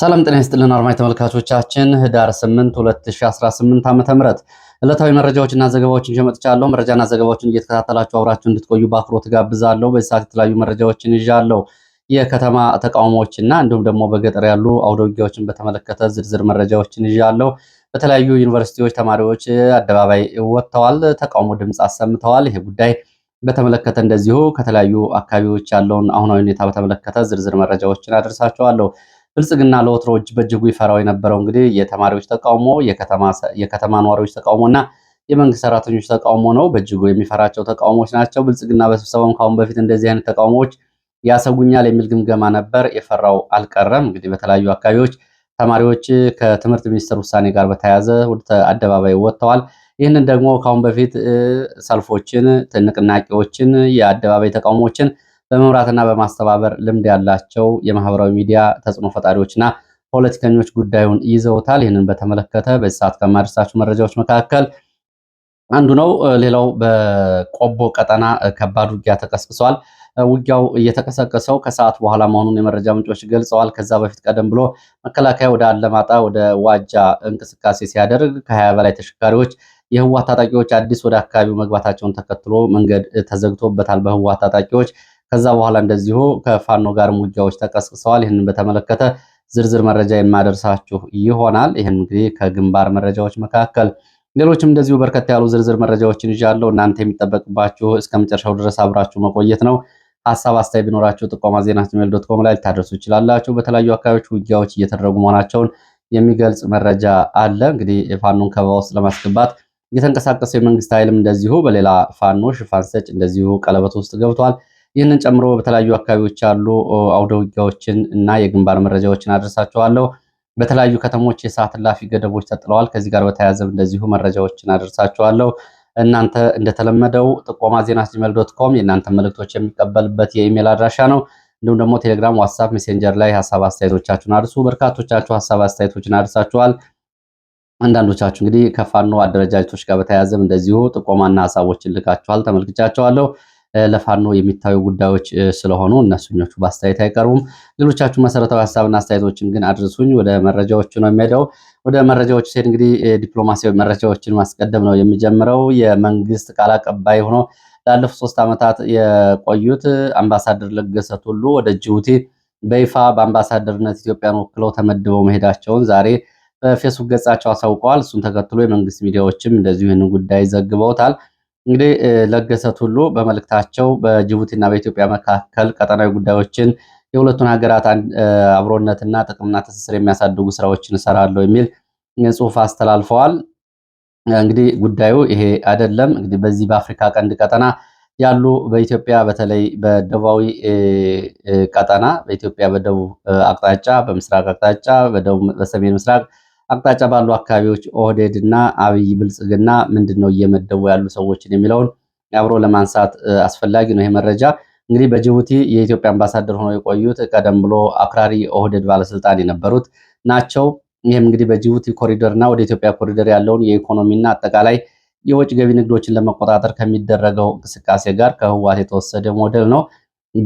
ሰላም ጤና ይስጥልን አርማይ ተመልካቾቻችን፣ ህዳር 8 2018 ዓመተ ምህረት ዕለታዊ መረጃዎችና ዘገባዎችን ይዤ መጥቻለሁ። መረጃና ዘገባዎችን እየተከታተላችሁ አብራችሁ እንድትቆዩ በአክብሮት ጋብዛለሁ። በዚህ ሰዓት የተለያዩ መረጃዎችን ይዣለሁ። የከተማ ተቃውሞዎችና እንዲሁም ደግሞ በገጠር ያሉ አውደ በተመለከተ ዝርዝር መረጃዎችን ይዣለሁ። በተለያዩ ዩኒቨርሲቲዎች ተማሪዎች አደባባይ ወጥተዋል፣ ተቃውሞ ድምፅ አሰምተዋል። ይሄ ጉዳይ በተመለከተ እንደዚሁ ከተለያዩ አካባቢዎች ያለውን አሁናዊ ሁኔታ በተመለከተ ዝርዝር መረጃዎችን አደርሳቸዋለሁ። ብልጽግና ለወትሮዎች በእጅጉ ይፈራው የነበረው እንግዲህ የተማሪዎች ተቃውሞ፣ የከተማ ነዋሪዎች ተቃውሞ እና የመንግስት ሰራተኞች ተቃውሞ ነው። በእጅጉ የሚፈራቸው ተቃውሞዎች ናቸው። ብልጽግና በስብሰባም ከአሁን በፊት እንደዚህ አይነት ተቃውሞዎች ያሰጉኛል የሚል ግምገማ ነበር። የፈራው አልቀረም። እንግዲህ በተለያዩ አካባቢዎች ተማሪዎች ከትምህርት ሚኒስቴር ውሳኔ ጋር በተያያዘ ወደ አደባባይ ወጥተዋል። ይህንን ደግሞ ከአሁን በፊት ሰልፎችን፣ ንቅናቄዎችን፣ የአደባባይ ተቃውሞችን በመምራትና በማስተባበር ልምድ ያላቸው የማህበራዊ ሚዲያ ተጽዕኖ ፈጣሪዎችና ፖለቲከኞች ጉዳዩን ይዘውታል። ይህንን በተመለከተ በዚህ ሰዓት ከማደርሳቸው መረጃዎች መካከል አንዱ ነው። ሌላው በቆቦ ቀጠና ከባድ ውጊያ ተቀስቅሷል። ውጊያው እየተቀሰቀሰው ከሰዓት በኋላ መሆኑን የመረጃ ምንጮች ገልጸዋል። ከዛ በፊት ቀደም ብሎ መከላከያ ወደ አለማጣ ወደ ዋጃ እንቅስቃሴ ሲያደርግ ከሀያ በላይ ተሽከርካሪዎች የህዋት ታጣቂዎች አዲስ ወደ አካባቢው መግባታቸውን ተከትሎ መንገድ ተዘግቶበታል በህዋት ታጣቂዎች። ከዛ በኋላ እንደዚሁ ከፋኖ ጋርም ውጊያዎች ተቀስቅሰዋል። ይህንን በተመለከተ ዝርዝር መረጃ የማደርሳችሁ ይሆናል። ይህን እንግዲህ ከግንባር መረጃዎች መካከል ሌሎችም እንደዚሁ በርከት ያሉ ዝርዝር መረጃዎችን ይዣለሁ። እናንተ የሚጠበቅባችሁ እስከ መጨረሻው ድረስ አብራችሁ መቆየት ነው። ሀሳብ አስተያየት ቢኖራችሁ ጥቆማ ዜና ጂሜል ዶት ኮም ላይ ልታደርሱ ይችላላችሁ። በተለያዩ አካባቢዎች ውጊያዎች እየተደረጉ መሆናቸውን የሚገልጽ መረጃ አለ። እንግዲህ የፋኖን ከበባ ውስጥ ለማስገባት የተንቀሳቀሰው የመንግስት ኃይልም እንደዚሁ በሌላ ፋኖ ሽፋን ሰጭ እንደዚሁ ቀለበት ውስጥ ገብቷል። ይህንን ጨምሮ በተለያዩ አካባቢዎች ያሉ አውደ ውጊያዎችን እና የግንባር መረጃዎችን አደርሳችኋለሁ። በተለያዩ ከተሞች የሰዓት እላፊ ገደቦች ተጥለዋል። ከዚህ ጋር በተያያዘም እንደዚሁ መረጃዎችን አደርሳችኋለሁ። እናንተ እንደተለመደው ጥቆማ ዜና ጂሜል ዶት ኮም የእናንተ መልእክቶች የሚቀበልበት የኢሜል አድራሻ ነው። እንዲሁም ደግሞ ቴሌግራም፣ ዋትሳፕ፣ ሜሴንጀር ላይ ሀሳብ አስተያየቶቻችሁን አድርሱ። በርካቶቻችሁ ሀሳብ አስተያየቶችን አድርሳችኋል። አንዳንዶቻችሁ እንግዲህ ከፋኖ አደረጃጀቶች ጋር በተያያዘም እንደዚሁ ጥቆማና ሀሳቦችን ልካችኋል፣ ተመልክቻቸዋለሁ። ለፋኖ የሚታዩ ጉዳዮች ስለሆኑ እነሱኞቹ በአስተያየት አይቀርቡም። ሌሎቻችሁ መሰረታዊ ሀሳብና አስተያየቶችን ግን አድርሱኝ። ወደ መረጃዎቹ ነው የሚሄደው። ወደ መረጃዎቹ ሲሄድ እንግዲህ ዲፕሎማሲያዊ መረጃዎችን ማስቀደም ነው የሚጀምረው። የመንግስት ቃል አቀባይ ሆኖ ላለፉት ሶስት ዓመታት የቆዩት አምባሳደር ለገሰ ቱሉ ወደ ጅቡቲ በይፋ በአምባሳደርነት ኢትዮጵያን ወክለው ተመድበው መሄዳቸውን ዛሬ በፌስቡክ ገጻቸው አሳውቀዋል። እሱን ተከትሎ የመንግስት ሚዲያዎችም እንደዚሁ ይህንን ጉዳይ ዘግበውታል። እንግዲህ ለገሰ ቱሉ በመልእክታቸው በጅቡቲና በኢትዮጵያ መካከል ቀጠናዊ ጉዳዮችን የሁለቱን ሀገራት አብሮነትና ጥቅምና ትስስር የሚያሳድጉ ስራዎችን እሰራለሁ የሚል ጽሁፍ አስተላልፈዋል። እንግዲህ ጉዳዩ ይሄ አይደለም። እንግዲህ በዚህ በአፍሪካ ቀንድ ቀጠና ያሉ በኢትዮጵያ በተለይ በደቡባዊ ቀጠና በኢትዮጵያ በደቡብ አቅጣጫ፣ በምስራቅ አቅጣጫ፣ በሰሜን ምስራቅ አቅጣጫ ባሉ አካባቢዎች ኦህዴድ እና አብይ ብልጽግና ምንድን ነው እየመደቡ ያሉ ሰዎችን የሚለውን አብሮ ለማንሳት አስፈላጊ ነው። ይህ መረጃ እንግዲህ በጅቡቲ የኢትዮጵያ አምባሳደር ሆነው የቆዩት ቀደም ብሎ አክራሪ ኦህዴድ ባለስልጣን የነበሩት ናቸው። ይህም እንግዲህ በጅቡቲ ኮሪደር እና ወደ ኢትዮጵያ ኮሪደር ያለውን የኢኮኖሚና አጠቃላይ የወጭ ገቢ ንግዶችን ለመቆጣጠር ከሚደረገው እንቅስቃሴ ጋር ከህዋት የተወሰደ ሞዴል ነው።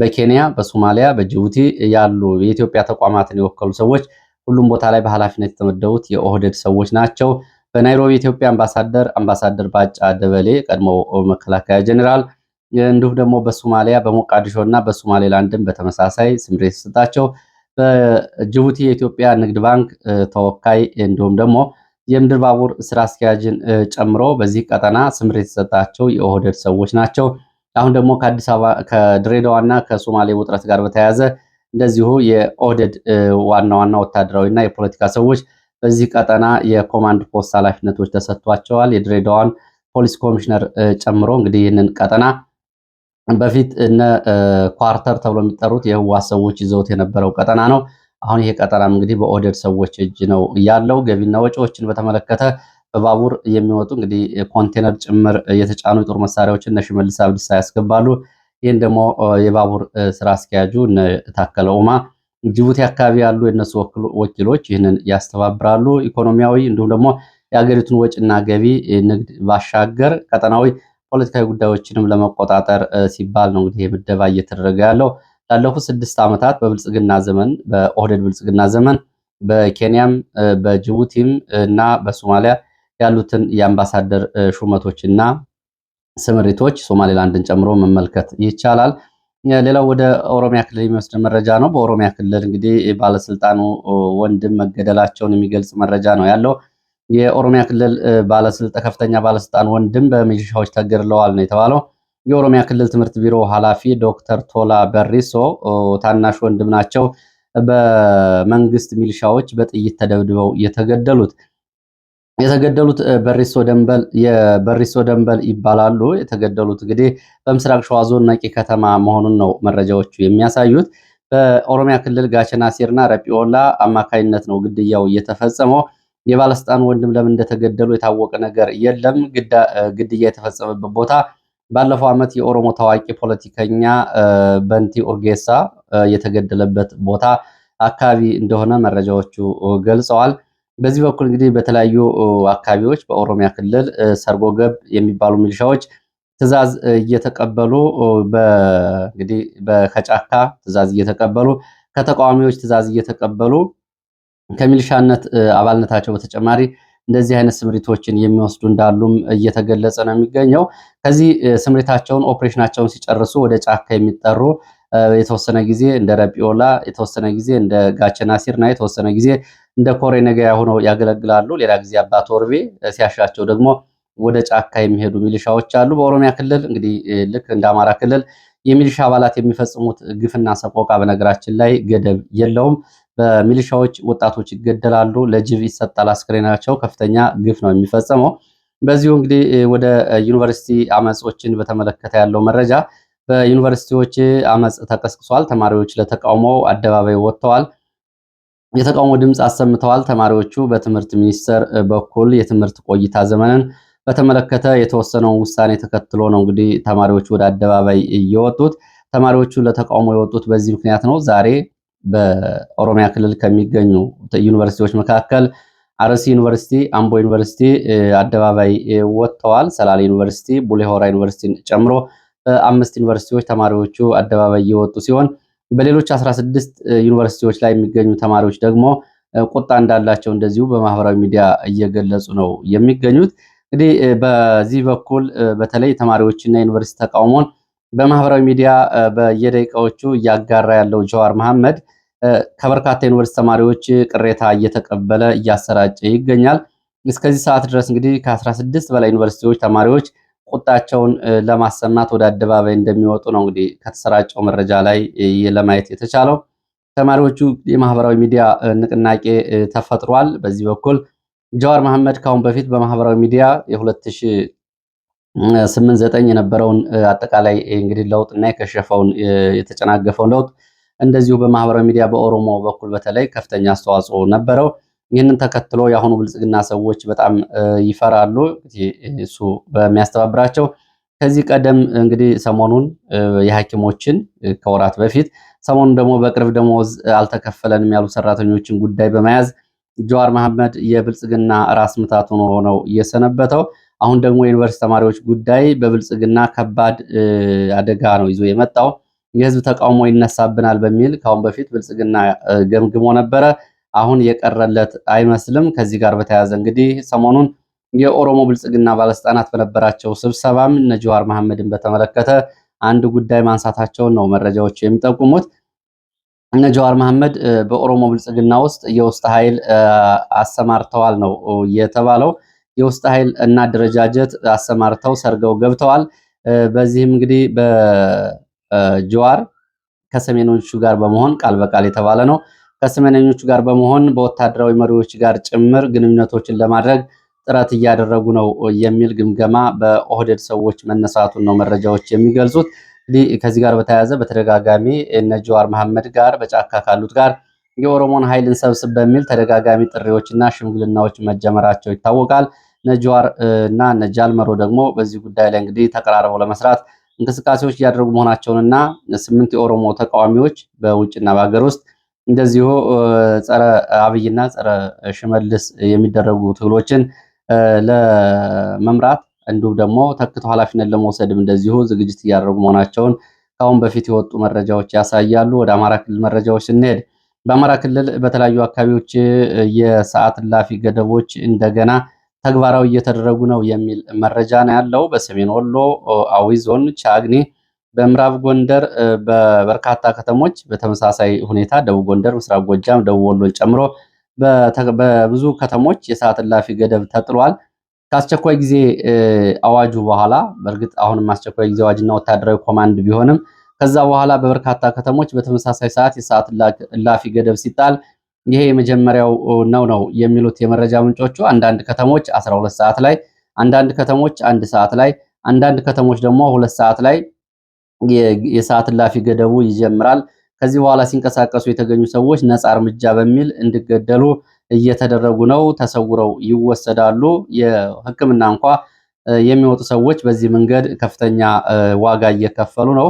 በኬንያ፣ በሶማሊያ፣ በጅቡቲ ያሉ የኢትዮጵያ ተቋማትን የወከሉ ሰዎች ሁሉም ቦታ ላይ በኃላፊነት የተመደቡት የኦህደድ ሰዎች ናቸው። በናይሮቢ ኢትዮጵያ አምባሳደር አምባሳደር ባጫ ደበሌ ቀድሞ መከላከያ ጀኔራል፣ እንዲሁም ደግሞ በሶማሊያ በሞቃዲሾ እና በሶማሌላንድም በተመሳሳይ ስምሬ የተሰጣቸው በጅቡቲ የኢትዮጵያ ንግድ ባንክ ተወካይ እንዲሁም ደግሞ የምድር ባቡር ስራ አስኪያጅን ጨምሮ በዚህ ቀጠና ስምሬ የተሰጣቸው የኦህደድ ሰዎች ናቸው። አሁን ደግሞ ከአዲስ አበባ እና ከሶማሌ ውጥረት ጋር በተያያዘ እንደዚሁ የኦህደድ ዋና ዋና ወታደራዊና የፖለቲካ ሰዎች በዚህ ቀጠና የኮማንድ ፖስት ኃላፊነቶች ተሰጥቷቸዋል። የድሬዳዋን ፖሊስ ኮሚሽነር ጨምሮ እንግዲህ ይህንን ቀጠና በፊት እነ ኳርተር ተብሎ የሚጠሩት የህዋ ሰዎች ይዘውት የነበረው ቀጠና ነው። አሁን ይሄ ቀጠናም እንግዲህ በኦህዴድ ሰዎች እጅ ነው ያለው። ገቢና ወጪዎችን በተመለከተ በባቡር የሚወጡ እንግዲህ ኮንቴነር ጭምር የተጫኑ የጦር መሳሪያዎችን እነ ሽመልስ አብዲሳ ያስገባሉ። ይህን ደግሞ የባቡር ስራ አስኪያጁ ታከለ ኡማ ጅቡቲ አካባቢ ያሉ የነሱ ወኪሎች ይህንን ያስተባብራሉ። ኢኮኖሚያዊ እንዲሁም ደግሞ የአገሪቱን ወጪና ገቢ ንግድ ባሻገር ቀጠናዊ ፖለቲካዊ ጉዳዮችንም ለመቆጣጠር ሲባል ነው እንግዲህ ምደባ እየተደረገ ያለው። ላለፉት ስድስት ዓመታት በብልጽግና ዘመን በኦህደድ ብልጽግና ዘመን በኬንያም በጅቡቲም እና በሶማሊያ ያሉትን የአምባሳደር ሹመቶች እና ስምሪቶች ሶማሌላንድን ጨምሮ መመልከት ይቻላል። ሌላው ወደ ኦሮሚያ ክልል የሚወስድ መረጃ ነው። በኦሮሚያ ክልል እንግዲህ ባለስልጣኑ ወንድም መገደላቸውን የሚገልጽ መረጃ ነው ያለው። የኦሮሚያ ክልል ከፍተኛ ባለስልጣን ወንድም በሚሊሻዎች ተገድለዋል ነው የተባለው። የኦሮሚያ ክልል ትምህርት ቢሮ ኃላፊ ዶክተር ቶላ በሪሶ ታናሽ ወንድም ናቸው በመንግስት ሚሊሻዎች በጥይት ተደብድበው የተገደሉት። የተገደሉት በሪሶ ደንበል የበሪሶ ደንበል ይባላሉ። የተገደሉት እንግዲህ በምስራቅ ሸዋ ዞን ነቂ ከተማ መሆኑን ነው መረጃዎቹ የሚያሳዩት። በኦሮሚያ ክልል ጋቸና ሲርና ረጲዮላ አማካኝነት ነው ግድያው እየተፈጸመው። የባለስልጣን ወንድም ለምን እንደተገደሉ የታወቀ ነገር የለም። ግድያ የተፈጸመበት ቦታ ባለፈው ዓመት የኦሮሞ ታዋቂ ፖለቲከኛ በንቲ ኡርጌሳ የተገደለበት ቦታ አካባቢ እንደሆነ መረጃዎቹ ገልጸዋል። በዚህ በኩል እንግዲህ በተለያዩ አካባቢዎች በኦሮሚያ ክልል ሰርጎ ገብ የሚባሉ ሚሊሻዎች ትዕዛዝ እየተቀበሉ እንግዲህ ከጫካ ትዕዛዝ እየተቀበሉ ከተቃዋሚዎች ትዕዛዝ እየተቀበሉ ከሚሊሻነት አባልነታቸው በተጨማሪ እንደዚህ አይነት ስምሪቶችን የሚወስዱ እንዳሉም እየተገለጸ ነው የሚገኘው። ከዚህ ስምሪታቸውን ኦፕሬሽናቸውን ሲጨርሱ ወደ ጫካ የሚጠሩ የተወሰነ ጊዜ እንደ ረቢዮላ፣ የተወሰነ ጊዜ እንደ ጋቸናሲር የተወሰነ ጊዜ እንደ ኮሬ ነገያ ሆነው ያገለግላሉ። ሌላ ጊዜ አባት ወርቤ ሲያሻቸው ደግሞ ወደ ጫካ የሚሄዱ ሚሊሻዎች አሉ። በኦሮሚያ ክልል እንግዲህ ልክ እንደ አማራ ክልል የሚሊሻ አባላት የሚፈጽሙት ግፍና ሰቆቃ በነገራችን ላይ ገደብ የለውም። በሚሊሻዎች ወጣቶች ይገደላሉ፣ ለጅብ ይሰጣል አስክሬናቸው። ከፍተኛ ግፍ ነው የሚፈጸመው። በዚሁ እንግዲህ ወደ ዩኒቨርሲቲ አመፆችን በተመለከተ ያለው መረጃ በዩኒቨርሲቲዎች አመጽ ተቀስቅሷል። ተማሪዎች ለተቃውሞ አደባባይ ወጥተዋል። የተቃውሞ ድምፅ አሰምተዋል። ተማሪዎቹ በትምህርት ሚኒስቴር በኩል የትምህርት ቆይታ ዘመንን በተመለከተ የተወሰነውን ውሳኔ ተከትሎ ነው እንግዲህ ተማሪዎቹ ወደ አደባባይ እየወጡት። ተማሪዎቹ ለተቃውሞ የወጡት በዚህ ምክንያት ነው። ዛሬ በኦሮሚያ ክልል ከሚገኙ ዩኒቨርሲቲዎች መካከል አርሲ ዩኒቨርሲቲ፣ አምቦ ዩኒቨርሲቲ አደባባይ ወጥተዋል። ሰላሌ ዩኒቨርሲቲ፣ ቡሌሆራ ዩኒቨርሲቲን ጨምሮ በአምስት ዩኒቨርሲቲዎች ተማሪዎቹ አደባባይ እየወጡ ሲሆን በሌሎች 16 ዩኒቨርሲቲዎች ላይ የሚገኙ ተማሪዎች ደግሞ ቁጣ እንዳላቸው እንደዚሁ በማህበራዊ ሚዲያ እየገለጹ ነው የሚገኙት። እንግዲህ በዚህ በኩል በተለይ ተማሪዎችና ዩኒቨርሲቲ ተቃውሞን በማህበራዊ ሚዲያ በየደቂቃዎቹ እያጋራ ያለው ጀዋር መሐመድ ከበርካታ ዩኒቨርሲቲ ተማሪዎች ቅሬታ እየተቀበለ እያሰራጨ ይገኛል። እስከዚህ ሰዓት ድረስ እንግዲህ ከ16 በላይ ዩኒቨርሲቲዎች ተማሪዎች ቁጣቸውን ለማሰማት ወደ አደባባይ እንደሚወጡ ነው እንግዲህ ከተሰራጨው መረጃ ላይ ለማየት የተቻለው። ተማሪዎቹ የማህበራዊ ሚዲያ ንቅናቄ ተፈጥሯል። በዚህ በኩል ጀዋር መሐመድ ከአሁን በፊት በማህበራዊ ሚዲያ የ 2008 የነበረውን አጠቃላይ እንግዲህ ለውጥ እና የከሸፈውን የተጨናገፈውን ለውጥ እንደዚሁ በማህበራዊ ሚዲያ በኦሮሞ በኩል በተለይ ከፍተኛ አስተዋጽኦ ነበረው። ይህንን ተከትሎ የአሁኑ ብልጽግና ሰዎች በጣም ይፈራሉ። እሱ በሚያስተባብራቸው ከዚህ ቀደም እንግዲህ ሰሞኑን የሐኪሞችን ከወራት በፊት ሰሞኑን ደግሞ በቅርብ ደሞዝ አልተከፈለንም ያሉ ሰራተኞችን ጉዳይ በመያዝ ጀዋር መሐመድ የብልጽግና ራስ ምታት ሆኖ ነው እየሰነበተው። አሁን ደግሞ የዩኒቨርሲቲ ተማሪዎች ጉዳይ በብልጽግና ከባድ አደጋ ነው ይዞ የመጣው። የህዝብ ተቃውሞ ይነሳብናል በሚል ከአሁን በፊት ብልጽግና ገምግሞ ነበረ። አሁን የቀረለት አይመስልም። ከዚህ ጋር በተያያዘ እንግዲህ ሰሞኑን የኦሮሞ ብልጽግና ባለስልጣናት በነበራቸው ስብሰባም እነ ጀዋር መሐመድን በተመለከተ አንድ ጉዳይ ማንሳታቸውን ነው መረጃዎች የሚጠቁሙት። እነ ጀዋር መሐመድ በኦሮሞ ብልጽግና ውስጥ የውስጥ ኃይል አሰማርተዋል ነው የተባለው። የውስጥ ኃይል እና አደረጃጀት አሰማርተው ሰርገው ገብተዋል። በዚህም እንግዲህ በጀዋር ከሰሜኖቹ ጋር በመሆን ቃል በቃል የተባለ ነው ከስመነኞቹ ጋር በመሆን በወታደራዊ መሪዎች ጋር ጭምር ግንኙነቶችን ለማድረግ ጥረት እያደረጉ ነው የሚል ግምገማ በኦህደድ ሰዎች መነሳቱን ነው መረጃዎች የሚገልጹት። እንግዲህ ከዚህ ጋር በተያያዘ በተደጋጋሚ እነ ጀዋር መሐመድ ጋር በጫካ ካሉት ጋር የኦሮሞን ኃይል እንሰብስብ በሚል ተደጋጋሚ ጥሪዎችና ሽምግልናዎች መጀመራቸው ይታወቃል። ነጃዋር እና ነጃልመሮ ደግሞ በዚህ ጉዳይ ላይ እንግዲህ ተቀራርበው ለመስራት እንቅስቃሴዎች እያደረጉ መሆናቸውንና ስምንት የኦሮሞ ተቃዋሚዎች በውጭና በሀገር ውስጥ እንደዚሁ ጸረ አብይና ጸረ ሽመልስ የሚደረጉ ትግሎችን ለመምራት እንዲሁም ደግሞ ተክቶ ኃላፊነት ለመውሰድም እንደዚሁ ዝግጅት እያደረጉ መሆናቸውን ከአሁን በፊት የወጡ መረጃዎች ያሳያሉ። ወደ አማራ ክልል መረጃዎች ስንሄድ በአማራ ክልል በተለያዩ አካባቢዎች የሰዓት እላፊ ገደቦች እንደገና ተግባራዊ እየተደረጉ ነው የሚል መረጃ ነው ያለው። በሰሜን ወሎ አዊ ዞን ቻግኒ በምዕራብ ጎንደር በበርካታ ከተሞች በተመሳሳይ ሁኔታ ደቡብ ጎንደር፣ ምስራቅ ጎጃም፣ ደቡብ ወሎን ጨምሮ በብዙ ከተሞች የሰዓት እላፊ ገደብ ተጥሏል። ከአስቸኳይ ጊዜ አዋጁ በኋላ በእርግጥ አሁንም አስቸኳይ ጊዜ አዋጅና ወታደራዊ ኮማንድ ቢሆንም ከዛ በኋላ በበርካታ ከተሞች በተመሳሳይ ሰዓት የሰዓት እላፊ ገደብ ሲጣል ይሄ የመጀመሪያው ነው ነው የሚሉት የመረጃ ምንጮቹ። አንዳንድ ከተሞች 12 ሰዓት ላይ፣ አንዳንድ ከተሞች አንድ ሰዓት ላይ፣ አንዳንድ ከተሞች ደግሞ ሁለት ሰዓት ላይ የሰዓት እላፊ ገደቡ ይጀምራል። ከዚህ በኋላ ሲንቀሳቀሱ የተገኙ ሰዎች ነፃ እርምጃ በሚል እንዲገደሉ እየተደረጉ ነው። ተሰውረው ይወሰዳሉ። የሕክምና እንኳ የሚወጡ ሰዎች በዚህ መንገድ ከፍተኛ ዋጋ እየከፈሉ ነው።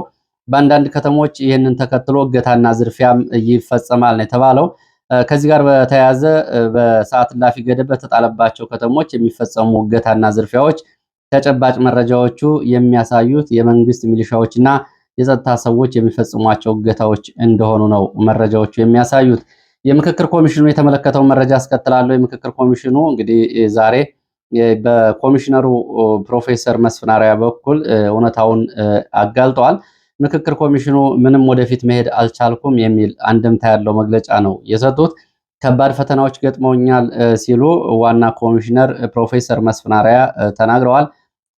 በአንዳንድ ከተሞች ይህንን ተከትሎ እገታና ዝርፊያም ይፈጸማል ነው የተባለው። ከዚህ ጋር በተያያዘ በሰዓት እላፊ ገደብ በተጣለባቸው ከተሞች የሚፈጸሙ እገታና ዝርፊያዎች ተጨባጭ መረጃዎቹ የሚያሳዩት የመንግስት ሚሊሻዎችና የጸጥታ ሰዎች የሚፈጽሟቸው እገታዎች እንደሆኑ ነው መረጃዎቹ የሚያሳዩት። የምክክር ኮሚሽኑ የተመለከተውን መረጃ አስከትላለሁ። የምክክር ኮሚሽኑ እንግዲህ ዛሬ በኮሚሽነሩ ፕሮፌሰር መስፍን አርአያ በኩል እውነታውን አጋልጠዋል። ምክክር ኮሚሽኑ ምንም ወደፊት መሄድ አልቻልኩም የሚል አንድምታ ያለው መግለጫ ነው የሰጡት። ከባድ ፈተናዎች ገጥመውኛል ሲሉ ዋና ኮሚሽነር ፕሮፌሰር መስፍን አርአያ ተናግረዋል።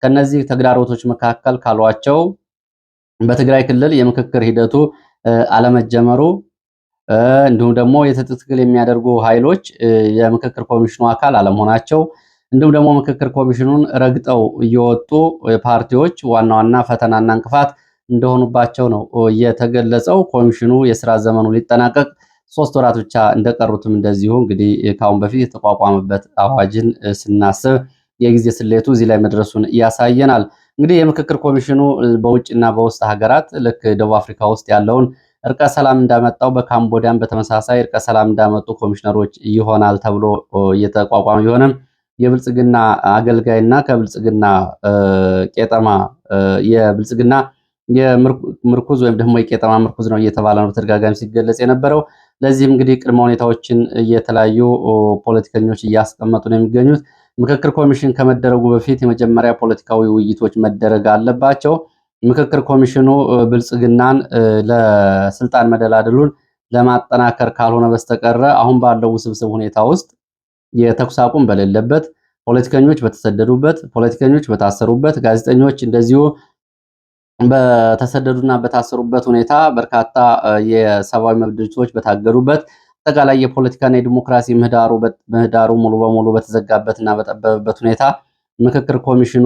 ከነዚህ ተግዳሮቶች መካከል ካሏቸው በትግራይ ክልል የምክክር ሂደቱ አለመጀመሩ እንዲሁም ደግሞ የትጥቅ ትግል የሚያደርጉ ኃይሎች የምክክር ኮሚሽኑ አካል አለመሆናቸው እንዲሁም ደግሞ ምክክር ኮሚሽኑን ረግጠው እየወጡ ፓርቲዎች ዋና ዋና ፈተናና እንቅፋት እንደሆኑባቸው ነው የተገለጸው። ኮሚሽኑ የስራ ዘመኑ ሊጠናቀቅ ሶስት ወራት ብቻ እንደቀሩትም እንደዚሁ እንግዲህ ከአሁን በፊት የተቋቋመበት አዋጅን ስናስብ የጊዜ ስሌቱ እዚህ ላይ መድረሱን ያሳየናል። እንግዲህ የምክክር ኮሚሽኑ በውጭና በውስጥ ሀገራት ልክ ደቡብ አፍሪካ ውስጥ ያለውን እርቀ ሰላም እንዳመጣው በካምቦዲያን በተመሳሳይ እርቀ ሰላም እንዳመጡ ኮሚሽነሮች ይሆናል ተብሎ እየተቋቋመ ቢሆንም የብልጽግና አገልጋይና ከብልጽግና ቄጠማ የብልጽግና የምርኩዝ ወይም ደግሞ የቄጠማ ምርኩዝ ነው እየተባለ ነው በተደጋጋሚ ሲገለጽ የነበረው። ለዚህም እንግዲህ ቅድመ ሁኔታዎችን የተለያዩ ፖለቲከኞች እያስቀመጡ ነው የሚገኙት። ምክክር ኮሚሽን ከመደረጉ በፊት የመጀመሪያ ፖለቲካዊ ውይይቶች መደረግ አለባቸው። ምክክር ኮሚሽኑ ብልጽግናን ለስልጣን መደላደሉን ለማጠናከር ካልሆነ በስተቀረ አሁን ባለው ውስብስብ ሁኔታ ውስጥ የተኩስ አቁም በሌለበት፣ ፖለቲከኞች በተሰደዱበት፣ ፖለቲከኞች በታሰሩበት፣ ጋዜጠኞች እንደዚሁ በተሰደዱና በታሰሩበት ሁኔታ በርካታ የሰብአዊ መብት ድርጅቶች በታገዱበት አጠቃላይ የፖለቲካና የዲሞክራሲ ምህዳሩ ሙሉ በሙሉ በተዘጋበትና በጠበበበት ሁኔታ ምክክር ኮሚሽኑ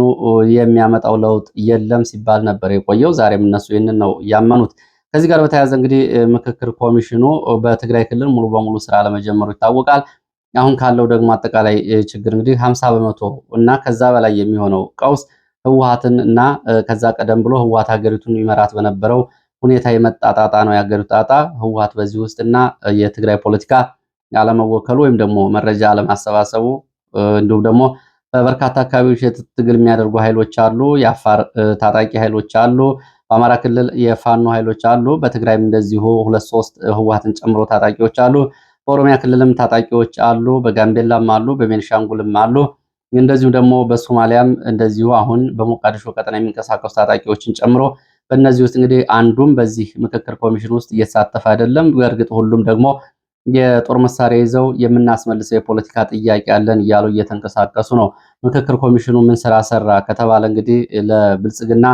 የሚያመጣው ለውጥ የለም ሲባል ነበር የቆየው። ዛሬም እነሱ ይህንን ነው ያመኑት። ከዚህ ጋር በተያያዘ እንግዲህ ምክክር ኮሚሽኑ በትግራይ ክልል ሙሉ በሙሉ ስራ ለመጀመሩ ይታወቃል። አሁን ካለው ደግሞ አጠቃላይ ችግር እንግዲህ ሀምሳ በመቶ እና ከዛ በላይ የሚሆነው ቀውስ ህወሀትን እና ከዛ ቀደም ብሎ ህወሀት ሀገሪቱን ይመራት በነበረው ሁኔታ የመጣ ጣጣ ነው ያገሪቱ ጣጣ። ህወሓት በዚህ ውስጥ እና የትግራይ ፖለቲካ አለመወከሉ ወይም ደግሞ መረጃ አለማሰባሰቡ እንዲሁም ደግሞ በበርካታ አካባቢዎች ትግል የሚያደርጉ ኃይሎች አሉ። የአፋር ታጣቂ ኃይሎች አሉ። በአማራ ክልል የፋኖ ኃይሎች አሉ። በትግራይም እንደዚሁ ሁለት ሶስት ህወሓትን ጨምሮ ታጣቂዎች አሉ። በኦሮሚያ ክልልም ታጣቂዎች አሉ። በጋምቤላም አሉ። በቤንሻንጉልም አሉ። እንደዚሁም ደግሞ በሶማሊያም እንደዚሁ አሁን በሞቃዲሾ ቀጠና የሚንቀሳቀሱ ታጣቂዎችን ጨምሮ በእነዚህ ውስጥ እንግዲህ አንዱም በዚህ ምክክር ኮሚሽን ውስጥ እየተሳተፈ አይደለም። በእርግጥ ሁሉም ደግሞ የጦር መሳሪያ ይዘው የምናስመልሰው የፖለቲካ ጥያቄ አለን እያሉ እየተንቀሳቀሱ ነው። ምክክር ኮሚሽኑ ምን ስራ ሰራ ከተባለ እንግዲህ ለብልጽግና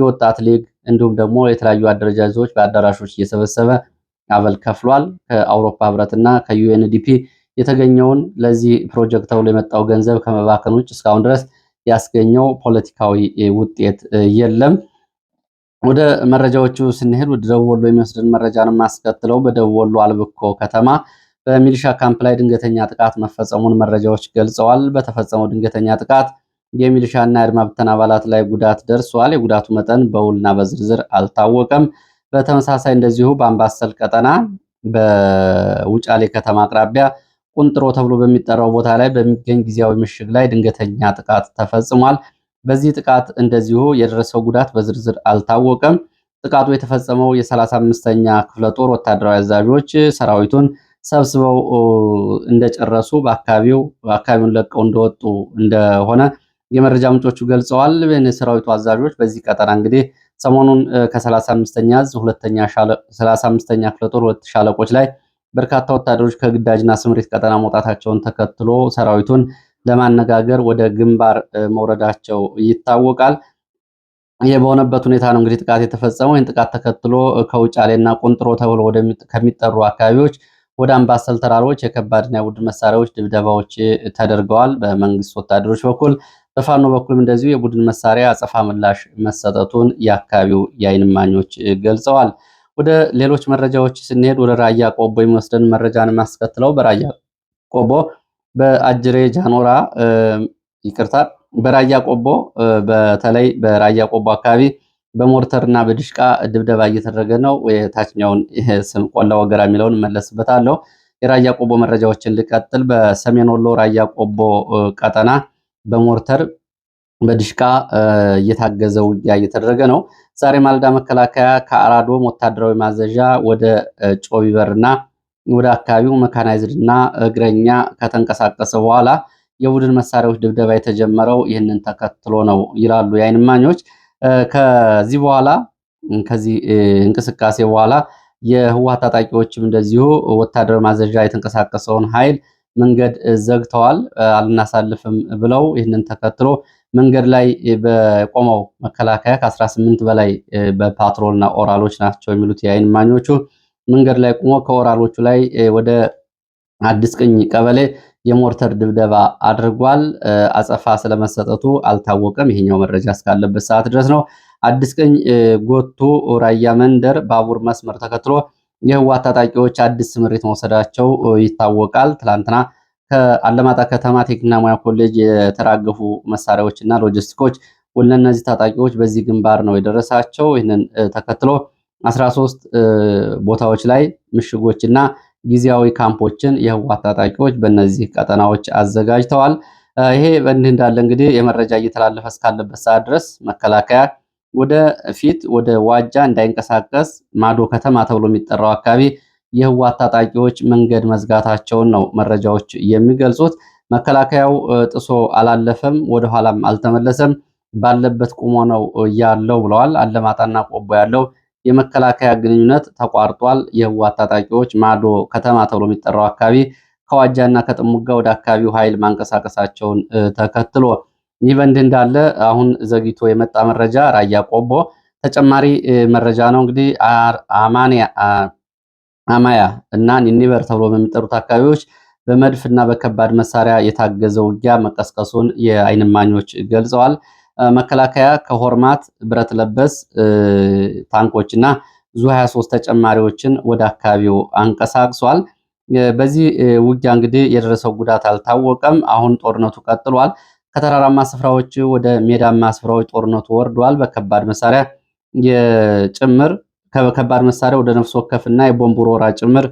የወጣት ሊግ እንዲሁም ደግሞ የተለያዩ አደረጃጀቶች በአዳራሾች እየሰበሰበ አበል ከፍሏል። ከአውሮፓ ህብረትና ከዩኤንዲፒ የተገኘውን ለዚህ ፕሮጀክት ተብሎ የመጣው ገንዘብ ከመባከን ውጭ እስካሁን ድረስ ያስገኘው ፖለቲካዊ ውጤት የለም። ወደ መረጃዎቹ ስንሄድ ወደ ደቡብ ወሎ የሚወስድን መረጃ ነው የማስከትለው። በደቡብ ወሎ አልብኮ ከተማ በሚሊሻ ካምፕ ላይ ድንገተኛ ጥቃት መፈጸሙን መረጃዎች ገልጸዋል። በተፈጸመው ድንገተኛ ጥቃት የሚሊሻና የአድማ ብተና አባላት ላይ ጉዳት ደርሷል። የጉዳቱ መጠን በውልና በዝርዝር አልታወቀም። በተመሳሳይ እንደዚሁ በአምባሰል ቀጠና በውጫሌ ከተማ አቅራቢያ ቁንጥሮ ተብሎ በሚጠራው ቦታ ላይ በሚገኝ ጊዜያዊ ምሽግ ላይ ድንገተኛ ጥቃት ተፈጽሟል። በዚህ ጥቃት እንደዚሁ የደረሰው ጉዳት በዝርዝር አልታወቀም። ጥቃቱ የተፈጸመው የ35ኛ ክፍለ ጦር ወታደራዊ አዛዦች ሰራዊቱን ሰብስበው እንደጨረሱ በአካባቢው አካባቢውን ለቀው እንደወጡ እንደሆነ የመረጃ ምንጮቹ ገልጸዋል። ሰራዊቱ አዛዦች በዚህ ቀጠና እንግዲህ ሰሞኑን ከ35ኛ ዝ ሁለተኛ ሻለቃ 35ኛ ክፍለ ጦር ሁለት ሻለቆች ላይ በርካታ ወታደሮች ከግዳጅና ስምሪት ቀጠና መውጣታቸውን ተከትሎ ሰራዊቱን ለማነጋገር ወደ ግንባር መውረዳቸው ይታወቃል። ይህ በሆነበት ሁኔታ ነው እንግዲህ ጥቃት የተፈጸመው። ይህን ጥቃት ተከትሎ ከውጫሌና ቁንጥሮ ተብሎ ከሚጠሩ አካባቢዎች ወደ አምባሰል ተራሮች የከባድና የቡድን መሳሪያዎች ድብደባዎች ተደርገዋል በመንግስት ወታደሮች በኩል። በፋኖ በኩልም እንደዚሁ የቡድን መሳሪያ አጸፋ ምላሽ መሰጠቱን የአካባቢው የዓይን እማኞች ገልጸዋል። ወደ ሌሎች መረጃዎች ስንሄድ ወደ ራያ ቆቦ የሚወስደን መረጃን ማስከትለው በራያ ቆቦ በአጅሬ ጃኖራ ይቅርታ፣ በራያ ቆቦ በተለይ በራያ ቆቦ አካባቢ በሞርተርና በድሽቃ ድብደባ እየተደረገ ነው። የታችኛውን ስም ቆላ ወገራ የሚለውን መለስበታለሁ። የራያ ቆቦ መረጃዎችን ልቀጥል። በሰሜን ወሎ ራያ ቆቦ ቀጠና በሞርተር በድሽቃ እየታገዘ ውጊያ እየተደረገ ነው። ዛሬ ማለዳ መከላከያ ከአራዶም ወታደራዊ ማዘዣ ወደ ጮቢበርና ወደ አካባቢው መካናይዝድ እና እግረኛ ከተንቀሳቀሰ በኋላ የቡድን መሳሪያዎች ድብደባ የተጀመረው ይህንን ተከትሎ ነው ይላሉ የዓይን እማኞች። ከዚህ በኋላ ከዚህ እንቅስቃሴ በኋላ የህወሓት ታጣቂዎችም እንደዚሁ ወታደራዊ ማዘዣ የተንቀሳቀሰውን ኃይል መንገድ ዘግተዋል፣ አልናሳልፍም ብለው ይህንን ተከትሎ መንገድ ላይ በቆመው መከላከያ ከ18 በላይ በፓትሮልና ኦራሎች ናቸው የሚሉት የዓይን እማኞቹ መንገድ ላይ ቆሞ ከወራሮቹ ላይ ወደ አዲስ ቅኝ ቀበሌ የሞርተር ድብደባ አድርጓል። አጸፋ ስለመሰጠቱ አልታወቀም። ይሄኛው መረጃ እስካለበት ሰዓት ድረስ ነው። አዲስ ቅኝ ጎቱ ራያ መንደር ባቡር መስመር ተከትሎ የህወሓት ታጣቂዎች አዲስ ስምሪት መውሰዳቸው ይታወቃል። ትላንትና ከአለማጣ ከተማ ቴክኒክና ሙያ ኮሌጅ የተራገፉ መሳሪያዎች እና ሎጂስቲኮች ለእነዚህ ታጣቂዎች በዚህ ግንባር ነው የደረሳቸው። ይህንን ተከትሎ አስራ ሶስት ቦታዎች ላይ ምሽጎችና ጊዜያዊ ካምፖችን የህወሓት ታጣቂዎች በእነዚህ ቀጠናዎች አዘጋጅተዋል። ይሄ በእንዲህ እንዳለ እንግዲህ የመረጃ እየተላለፈ እስካለበት ሰዓት ድረስ መከላከያ ወደ ፊት ወደ ዋጃ እንዳይንቀሳቀስ ማዶ ከተማ ተብሎ የሚጠራው አካባቢ የህወሓት ታጣቂዎች መንገድ መዝጋታቸውን ነው መረጃዎች የሚገልጹት። መከላከያው ጥሶ አላለፈም፣ ወደኋላም አልተመለሰም፣ ባለበት ቁሞ ነው ያለው ብለዋል። አለማጣና ቆቦ ያለው የመከላከያ ግንኙነት ተቋርጧል። የህወሓት ታጣቂዎች ማዶ ከተማ ተብሎ የሚጠራው አካባቢ ከዋጃና ከጥሙጋ ወደ አካባቢው ኃይል ማንቀሳቀሳቸውን ተከትሎ ይህ በእንዲህ እንዳለ አሁን ዘግይቶ የመጣ መረጃ ራያ ቆቦ ተጨማሪ መረጃ ነው። እንግዲህ አማያ እና ኒኒቨር ተብሎ በሚጠሩት አካባቢዎች በመድፍ እና በከባድ መሳሪያ የታገዘ ውጊያ መቀስቀሱን የአይንማኞች ገልጸዋል። መከላከያ ከሆርማት ብረት ለበስ ታንኮች እና ዙ 23 ተጨማሪዎችን ወደ አካባቢው አንቀሳቅሷል። በዚህ ውጊያ እንግዲህ የደረሰው ጉዳት አልታወቀም። አሁን ጦርነቱ ቀጥሏል። ከተራራማ ስፍራዎች ወደ ሜዳማ ስፍራዎች ጦርነቱ ወርዷል። በከባድ መሳሪያ የጭምር ከከባድ መሳሪያ ወደ ነፍስ ወከፍና የቦምብ ወረራ ጭምር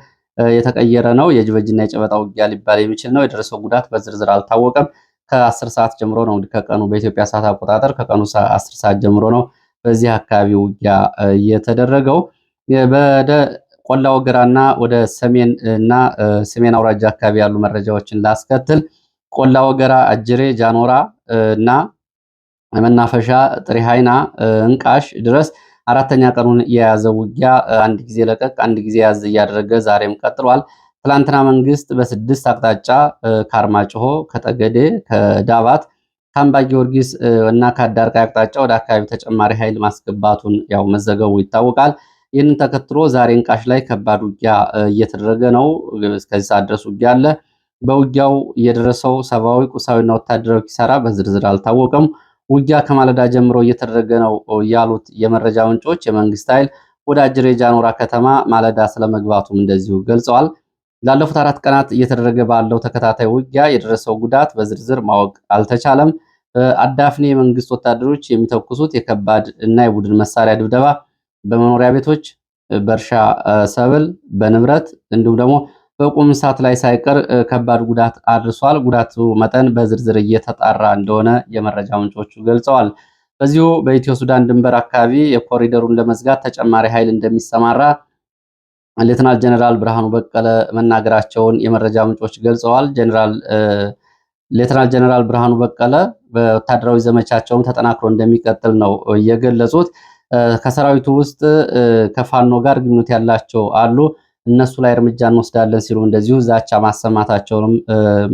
የተቀየረ ነው። የጅበጅና የጨበጣ ውጊያ ሊባል የሚችል ነው። የደረሰው ጉዳት በዝርዝር አልታወቀም። ከአስር ሰዓት ጀምሮ ነው ከቀኑ በኢትዮጵያ ሰዓት አቆጣጠር ከቀኑ አስር ሰዓት ጀምሮ ነው በዚህ አካባቢ ውጊያ የተደረገው። ወደ ቆላው ወደ ሰሜን እና ሰሜን አውራጃ አካባቢ ያሉ መረጃዎችን ላስከትል። ቆላ ወገራ፣ አጅሬ፣ ጃኖራ እና መናፈሻ ጥሪ ሃይና እንቃሽ ድረስ አራተኛ ቀኑን የያዘ ውጊያ አንድ ጊዜ ለቀቅ አንድ ጊዜ ያዝ እያደረገ ዛሬም ቀጥሏል። ትላንትና መንግስት በስድስት አቅጣጫ ከአርማጭሆ፣ ከጠገዴ፣ ከዳባት፣ ከአምባ ጊዮርጊስ እና ከአዳርቃ አቅጣጫ ወደ አካባቢ ተጨማሪ ኃይል ማስገባቱን ያው መዘገቡ ይታወቃል። ይህንን ተከትሎ ዛሬ እንቃሽ ላይ ከባድ ውጊያ እየተደረገ ነው። እስከዚህ ሰዓት ድረስ ውጊያ አለ። በውጊያው የደረሰው ሰብአዊ ቁሳዊና ወታደራዊ ኪሳራ በዝርዝር አልታወቀም። ውጊያ ከማለዳ ጀምሮ እየተደረገ ነው ያሉት የመረጃ ምንጮች የመንግስት ኃይል ወደ አጅሬ ጃኖራ ከተማ ማለዳ ስለመግባቱም እንደዚሁ ገልጸዋል። ላለፉት አራት ቀናት እየተደረገ ባለው ተከታታይ ውጊያ የደረሰው ጉዳት በዝርዝር ማወቅ አልተቻለም። በአዳፍኔ የመንግስት ወታደሮች የሚተኩሱት የከባድ እና የቡድን መሳሪያ ድብደባ በመኖሪያ ቤቶች፣ በእርሻ ሰብል፣ በንብረት እንዲሁም ደግሞ በቁም ሳት ላይ ሳይቀር ከባድ ጉዳት አድርሷል። ጉዳቱ መጠን በዝርዝር እየተጣራ እንደሆነ የመረጃ ምንጮቹ ገልጸዋል። በዚሁ በኢትዮ ሱዳን ድንበር አካባቢ የኮሪደሩን ለመዝጋት ተጨማሪ ኃይል እንደሚሰማራ ሌትናል ጀነራል ብርሃኑ በቀለ መናገራቸውን የመረጃ ምንጮች ገልጸዋል። ጀነራል ሌትናል ጀነራል ብርሃኑ በቀለ በወታደራዊ ዘመቻቸውም ተጠናክሮ እንደሚቀጥል ነው የገለጹት። ከሰራዊቱ ውስጥ ከፋኖ ጋር ግንኙነት ያላቸው አሉ፣ እነሱ ላይ እርምጃ እንወስዳለን ሲሉ እንደዚሁ ዛቻ ማሰማታቸውንም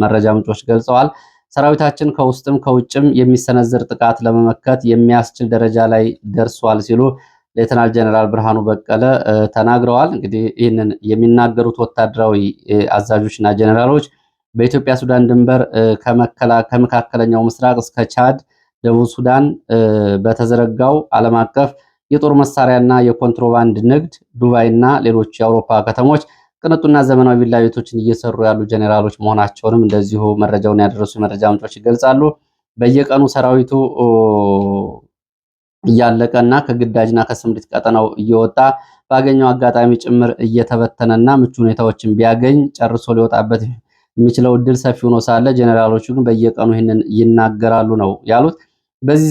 መረጃ ምንጮች ገልጸዋል። ሰራዊታችን ከውስጥም ከውጭም የሚሰነዘር ጥቃት ለመመከት የሚያስችል ደረጃ ላይ ደርሷል ሲሉ ሌተናል ጀነራል ብርሃኑ በቀለ ተናግረዋል። እንግዲህ ይህንን የሚናገሩት ወታደራዊ አዛዦች እና ጀነራሎች በኢትዮጵያ ሱዳን ድንበር ከመካከለኛው ምስራቅ እስከ ቻድ፣ ደቡብ ሱዳን በተዘረጋው ዓለም አቀፍ የጦር መሳሪያና የኮንትሮባንድ ንግድ ዱባይ እና ሌሎች የአውሮፓ ከተሞች ቅንጡና ዘመናዊ ቪላ ቤቶችን እየሰሩ ያሉ ጀኔራሎች መሆናቸውንም እንደዚሁ መረጃውን ያደረሱ መረጃ ምንጮች ይገልጻሉ። በየቀኑ ሰራዊቱ እያለቀና እና ከግዳጅና ከስምሪት ቀጠናው እየወጣ ባገኘው አጋጣሚ ጭምር እየተበተነና ምቹ ሁኔታዎችን ቢያገኝ ጨርሶ ሊወጣበት የሚችለው እድል ሰፊ ሆኖ ሳለ ጀኔራሎቹ ግን በየቀኑ ይህንን ይናገራሉ ነው ያሉት። በዚህ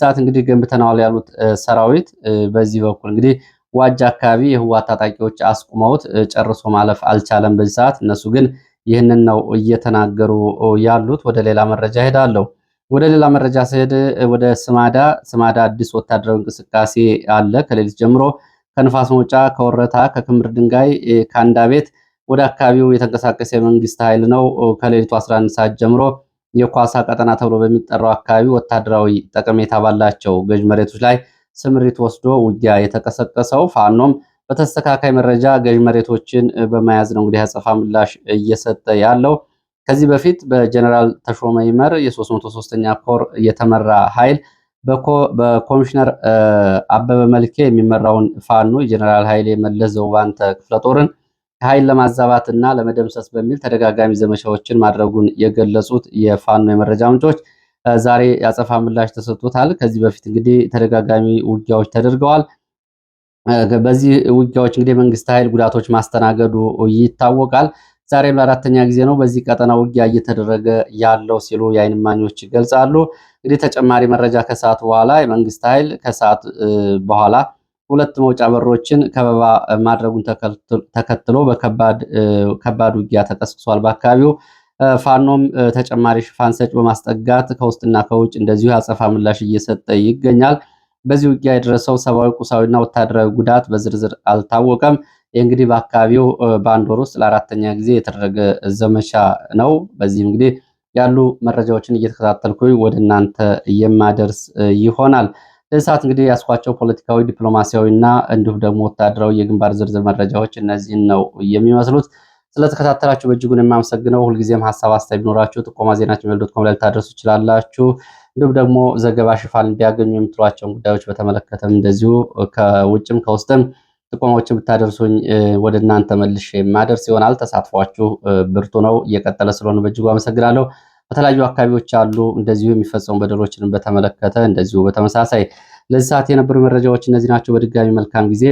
ሰዓት እንግዲህ ገንብተናል ያሉት ሰራዊት በዚህ በኩል እንግዲህ ዋጅ አካባቢ የህዋ ታጣቂዎች አስቁመውት ጨርሶ ማለፍ አልቻለም። በዚህ ሰዓት እነሱ ግን ይህንን ነው እየተናገሩ ያሉት። ወደ ሌላ መረጃ ሄዳለሁ። ወደ ሌላ መረጃ ስሄድ ወደ ስማዳ ስማዳ አዲስ ወታደራዊ እንቅስቃሴ አለ። ከሌሊት ጀምሮ ከንፋስ መውጫ ከወረታ ከክምር ድንጋይ ከአንዳ ቤት ወደ አካባቢው የተንቀሳቀሰ የመንግስት ኃይል ነው። ከሌሊቱ 11 ሰዓት ጀምሮ የኳሳ ቀጠና ተብሎ በሚጠራው አካባቢ ወታደራዊ ጠቀሜታ ባላቸው ገዥ መሬቶች ላይ ስምሪት ወስዶ ውጊያ የተቀሰቀሰው ፋኖም በተስተካካይ መረጃ ገዥ መሬቶችን በመያዝ ነው እንግዲህ ያጸፋ ምላሽ እየሰጠ ያለው ከዚህ በፊት በጀነራል ተሾመ ይመር የ303ኛ ኮር የተመራ ኃይል በኮሚሽነር አበበ መልኬ የሚመራውን ፋኖ የጀነራል ኃይሌ መለስ ዘውባንተ ክፍለ ጦርን ኃይል ለማዛባት እና ለመደምሰስ በሚል ተደጋጋሚ ዘመቻዎችን ማድረጉን የገለጹት የፋኖ የመረጃ ምንጮች ዛሬ ያጸፋ ምላሽ ተሰጥቶታል። ከዚህ በፊት እንግዲህ ተደጋጋሚ ውጊያዎች ተደርገዋል። በዚህ ውጊያዎች እንግዲህ የመንግስት ኃይል ጉዳቶች ማስተናገዱ ይታወቃል። ዛሬም ለአራተኛ ጊዜ ነው በዚህ ቀጠና ውጊያ እየተደረገ ያለው ሲሉ የአይንማኞች እማኞች ይገልጻሉ። እንግዲህ ተጨማሪ መረጃ ከሰዓት በኋላ የመንግስት ኃይል ከሰዓት በኋላ ሁለት መውጫ በሮችን ከበባ ማድረጉን ተከትሎ በከባድ ውጊያ ተቀስቅሷል። በአካባቢው ፋኖም ተጨማሪ ሽፋን ሰጭ በማስጠጋት ከውስጥና ከውጭ እንደዚሁ የአጸፋ ምላሽ እየሰጠ ይገኛል። በዚህ ውጊያ የደረሰው ሰብአዊ ቁሳዊና ወታደራዊ ጉዳት በዝርዝር አልታወቀም። እንግዲህ በአካባቢው በአንድ ወር ውስጥ ለአራተኛ ጊዜ የተደረገ ዘመቻ ነው። በዚህም እንግዲህ ያሉ መረጃዎችን እየተከታተልኩ ወደ እናንተ የማደርስ ይሆናል። ለዚህ ሰዓት እንግዲህ ያስኳቸው ፖለቲካዊ፣ ዲፕሎማሲያዊ እና እንዲሁም ደግሞ ወታደራዊ የግንባር ዝርዝር መረጃዎች እነዚህን ነው የሚመስሉት። ስለተከታተላችሁ በእጅጉን የማመሰግነው። ሁልጊዜም ሀሳብ አስተያየት ቢኖራችሁ ጥቆማ ዜና ጂሜል ዶት ኮም ላይ ልታደርሱ ይችላላችሁ። እንዲሁም ደግሞ ዘገባ ሽፋን እንዲያገኙ የምትሏቸውን ጉዳዮች በተመለከተም እንደዚሁ ከውጭም ከውስጥም ጥቆማዎችን ብታደርሱኝ ወደ እናንተ መልሽ የማደርስ ይሆናል። ተሳትፏችሁ ብርቱ ነው፣ እየቀጠለ ስለሆነ በእጅጉ አመሰግናለሁ። በተለያዩ አካባቢዎች አሉ እንደዚሁ የሚፈጸሙ በደሎችን በተመለከተ እንደዚሁ በተመሳሳይ ለዚህ ሰዓት የነበሩ መረጃዎች እነዚህ ናቸው። በድጋሚ መልካም ጊዜ።